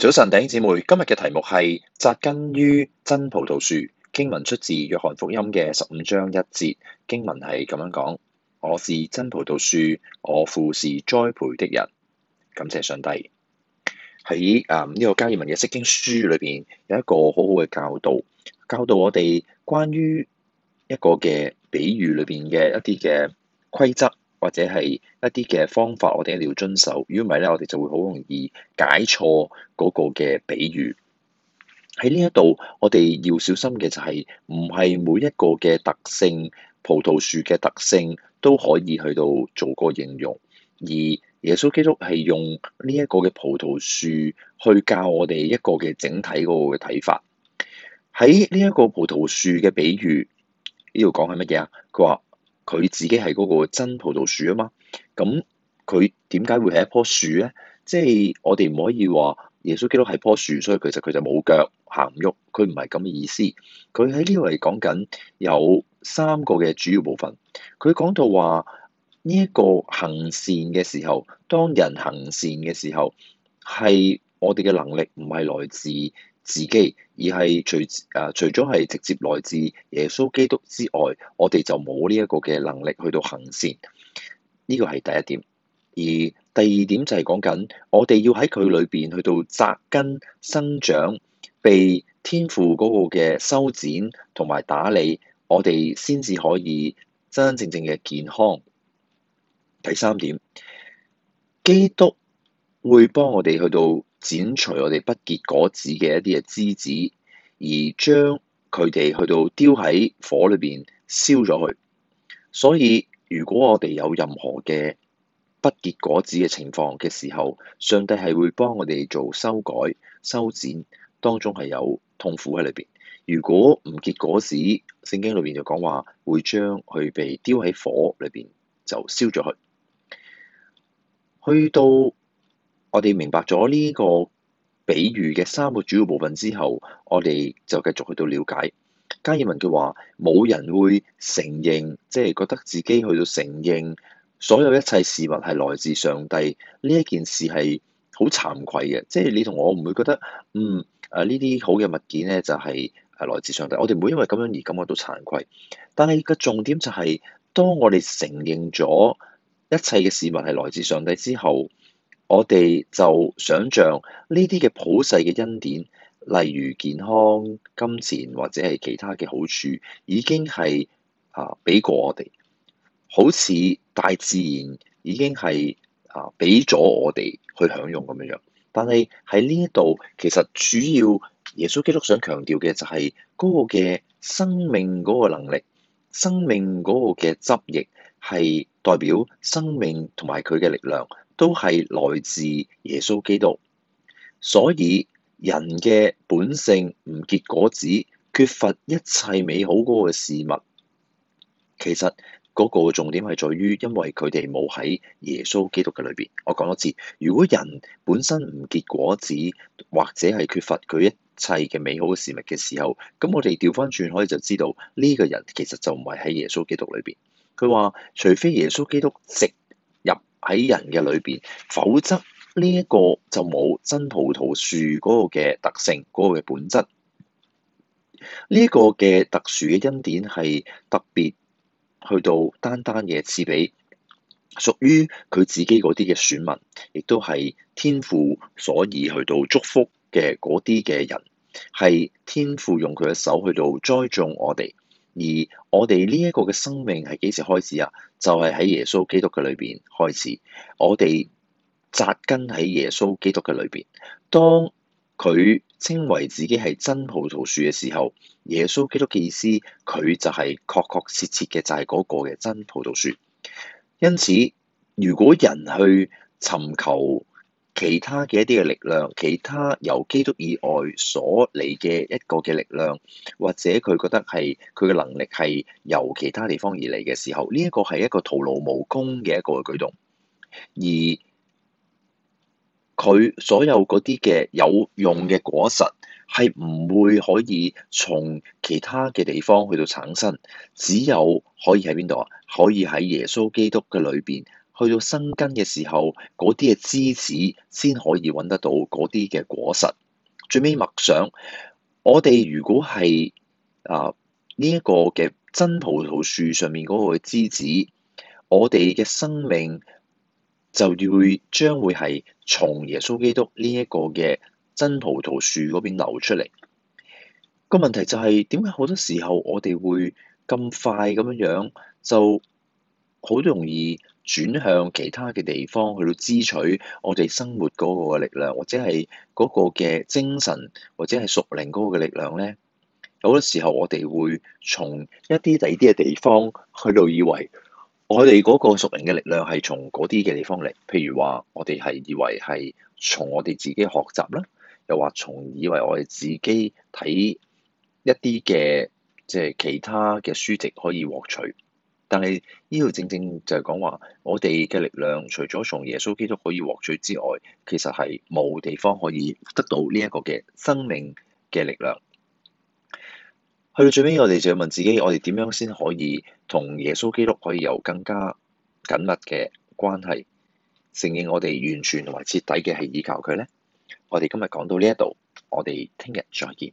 早晨，弟兄姊妹，今日嘅題目係紮根於真葡萄樹。經文出自約翰福音嘅十五章一節，經文係咁樣講： 我是真葡萄樹，我父是栽培的人。感謝上帝喺誒呢個加爾文嘅釋經書裏邊有一個好好嘅教導，教導我哋關於一個嘅比喻裏邊嘅一啲嘅規則。或者係一啲嘅方法，我哋一定要遵守。如果唔係咧，我哋就會好容易解錯嗰個嘅比喻。喺呢一度，我哋要小心嘅就係唔係每一個嘅特性，葡萄樹嘅特性都可以去到做個應用。而耶穌基督係用呢一個嘅葡萄樹去教我哋一個嘅整體嗰個嘅睇法。喺呢一個葡萄樹嘅比喻，呢度講係乜嘢啊？佢話，佢自己係嗰個真葡萄樹啊嘛，咁佢點解會係一棵樹咧？即係我哋唔可以話耶穌基督係一棵樹，所以其實佢就冇腳行喐。佢唔係咁嘅意思。佢喺呢度嚟講緊有三個嘅主要部分。佢講到話呢一個行善嘅時候，當人行善嘅時候，係我哋嘅能力唔係來自自己，而係除誒、啊、除咗係直接來自耶穌基督之外，我哋就冇呢一個嘅能力去到行善。呢個係第一點。而第二點就係講緊，我哋要喺佢裏邊去到紮根生長，被天父嗰個嘅修剪同埋打理，我哋先至可以真真正正嘅健康。第三點，基督會幫我哋去到。剪除我哋不結果子嘅一啲嘅枝子，而將佢哋去到丟喺火裏邊燒咗佢。所以如果我哋有任何嘅不結果子嘅情況嘅時候，上帝係會幫我哋做修改、修剪，當中係有痛苦喺裏邊。如果唔結果子，聖經裏邊就講話會將佢被丟喺火裏邊就燒咗佢去，去到。我哋明白咗呢個比喻嘅三個主要部分之後，我哋就繼續去到了解加爾文嘅話。冇人會承認，即係覺得自己去到承認所有一切事物係來自上帝呢一件事係好慚愧嘅。即係你同我唔會覺得，嗯，誒呢啲好嘅物件咧就係、誒、係來自上帝。我哋唔會因為咁樣而感覺到慚愧。但係個重點就係、係，當我哋承認咗一切嘅事物係來自上帝之後。我哋就想象呢啲嘅普世嘅恩典，例如健康、金錢或者係其他嘅好處，已經係啊俾過我哋，好似大自然已經係啊俾咗我哋去享用咁樣樣。但係喺呢一度，其實主要耶穌基督想強調嘅就係、是、嗰、那個嘅生命嗰個能力，生命嗰個嘅汁液係代表生命同埋佢嘅力量。都係來自耶穌基督，所以人嘅本性唔結果子，缺乏一切美好嗰個事物。其實嗰個重點係在於，因為佢哋冇喺耶穌基督嘅裏邊。我講多次，如果人本身唔結果子，或者係缺乏佢一切嘅美好嘅事物嘅時候，咁我哋調翻轉可以就知道呢個人其實就唔係喺耶穌基督裏邊。佢話：除非耶穌基督直。喺人嘅裏邊，否則呢一個就冇真葡萄樹嗰個嘅特性，嗰、嗰個嘅本質。呢、呢個嘅特殊嘅恩典係特別去到單單嘅賜畀屬於佢自己嗰啲嘅選民，亦都係天父所以去到祝福嘅嗰啲嘅人，係天父用佢嘅手去到栽種我哋。而我哋呢一個嘅生命係幾時開始啊？就係、是、喺耶穌基督嘅裏邊開始，我哋紮根喺耶穌基督嘅裏邊。當佢稱為自己係真葡萄樹嘅時候，耶穌基督嘅意思，佢就係確確切切嘅，就係嗰個嘅真葡萄樹。因此，如果人去尋求，其他嘅一啲嘅力量，其他由基督以外所嚟嘅一個嘅力量，或者佢覺得係佢嘅能力係由其他地方而嚟嘅時候，呢一個係一個徒勞無功嘅一個舉動。而佢所有嗰啲嘅有用嘅果實，係唔會可以從其他嘅地方去到產生，只有可以喺邊度啊？可以喺耶穌基督嘅裏邊。去到生根嘅時候，嗰啲嘅枝子先可以揾得到嗰啲嘅果實。最尾默想，我哋如果係啊呢一、這個嘅真葡萄樹上面嗰個枝子，我哋嘅生命就要將會係從耶穌基督呢一個嘅真葡萄樹嗰邊流出嚟。個問題就係點解好多時候我哋會咁快咁樣樣就好容易，轉向其他嘅地方去到支取我哋生活嗰個嘅力量，或者係嗰個嘅精神，或者係屬靈嗰個嘅力量咧。有好多時候，我哋會從一啲第二啲嘅地方去到以為，我哋嗰個屬靈嘅力量係從嗰啲嘅地方嚟。譬如話，我哋係以為係從我哋自己學習啦，又或從以為我哋自己睇一啲嘅即係其他嘅書籍可以獲取。但係呢度正正就係講話，我哋嘅力量除咗從耶穌基督可以獲取之外，其實係冇地方可以得到呢一個嘅生命嘅力量。去到最尾，我哋就要問自己，我哋點樣先可以同耶穌基督可以有更加緊密嘅關係，承認我哋完全同埋徹底嘅係依靠佢呢？我哋今日講到呢一度，我哋聽日再見。